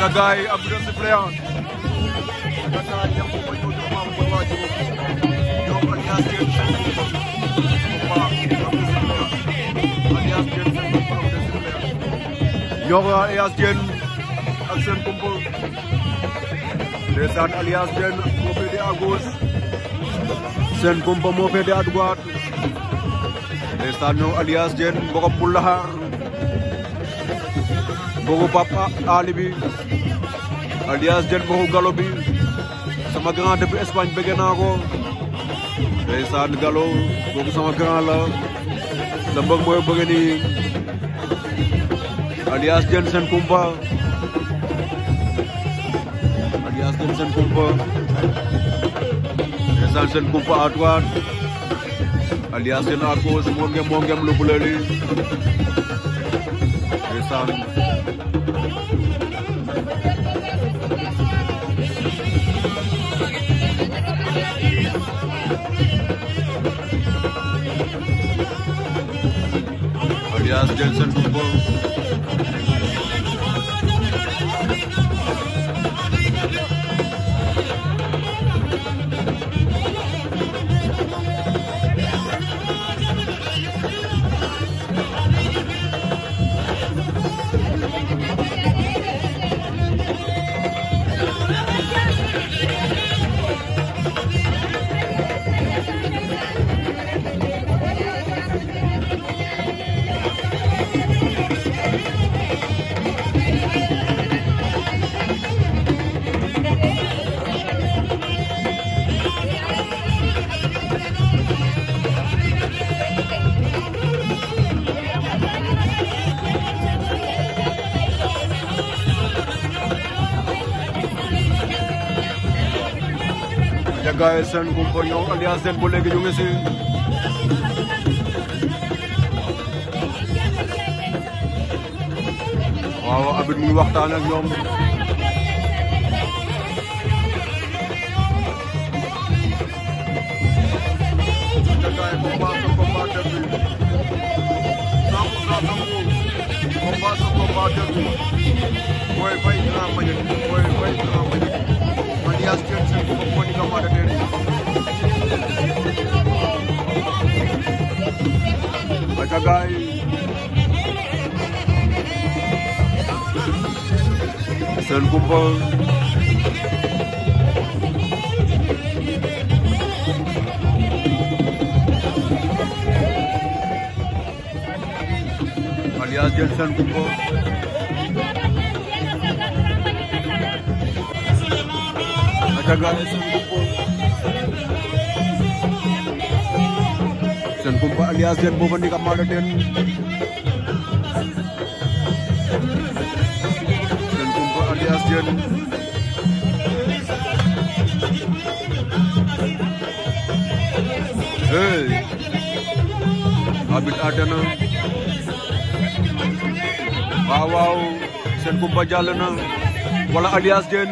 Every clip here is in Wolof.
ka gars yi am na sifle an ka taa yam ko ma ñëw jox maamu ko waa jiwu ñoom Alias Diène seen ko ko ma am na sifle an Alias Diène seen ko borom des sifle an ñoom Alias Diène ak seen kumpo ndeysaan Alias Diène moo féete à gauche seen kumpo moo féete à droite ndeysaan ñoom Alias Diène mbokam bu laxaar Mbourou Papa Ali bi alias Diène Mbourou Gallo bi sama grand depuis Espagne bëgg naa ko ndeysaan Gallo kooku sama grand la sa mooy bëgg ni alias Diène Sen Kumpa alias Diène Sen Kumpa ndeysaan Sen Kumpa à droite alias Diène lu bleu Adidas Jelson Football. Thank you. gaay seen gumpa ñoom alias seen bu léegi ñu ngi si waaw abit muy waxtaan ak ñoom Boy, fight, I'm going to guys. Seul coupon. Alias Jensen coupon. Agora dan kumpa alias dan bukan di kamar dan dan kumpa alias dan hey Abid wow, wow dan kumpa na Wala alias jen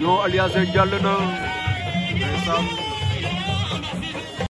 Yo alias jalan jalana Some.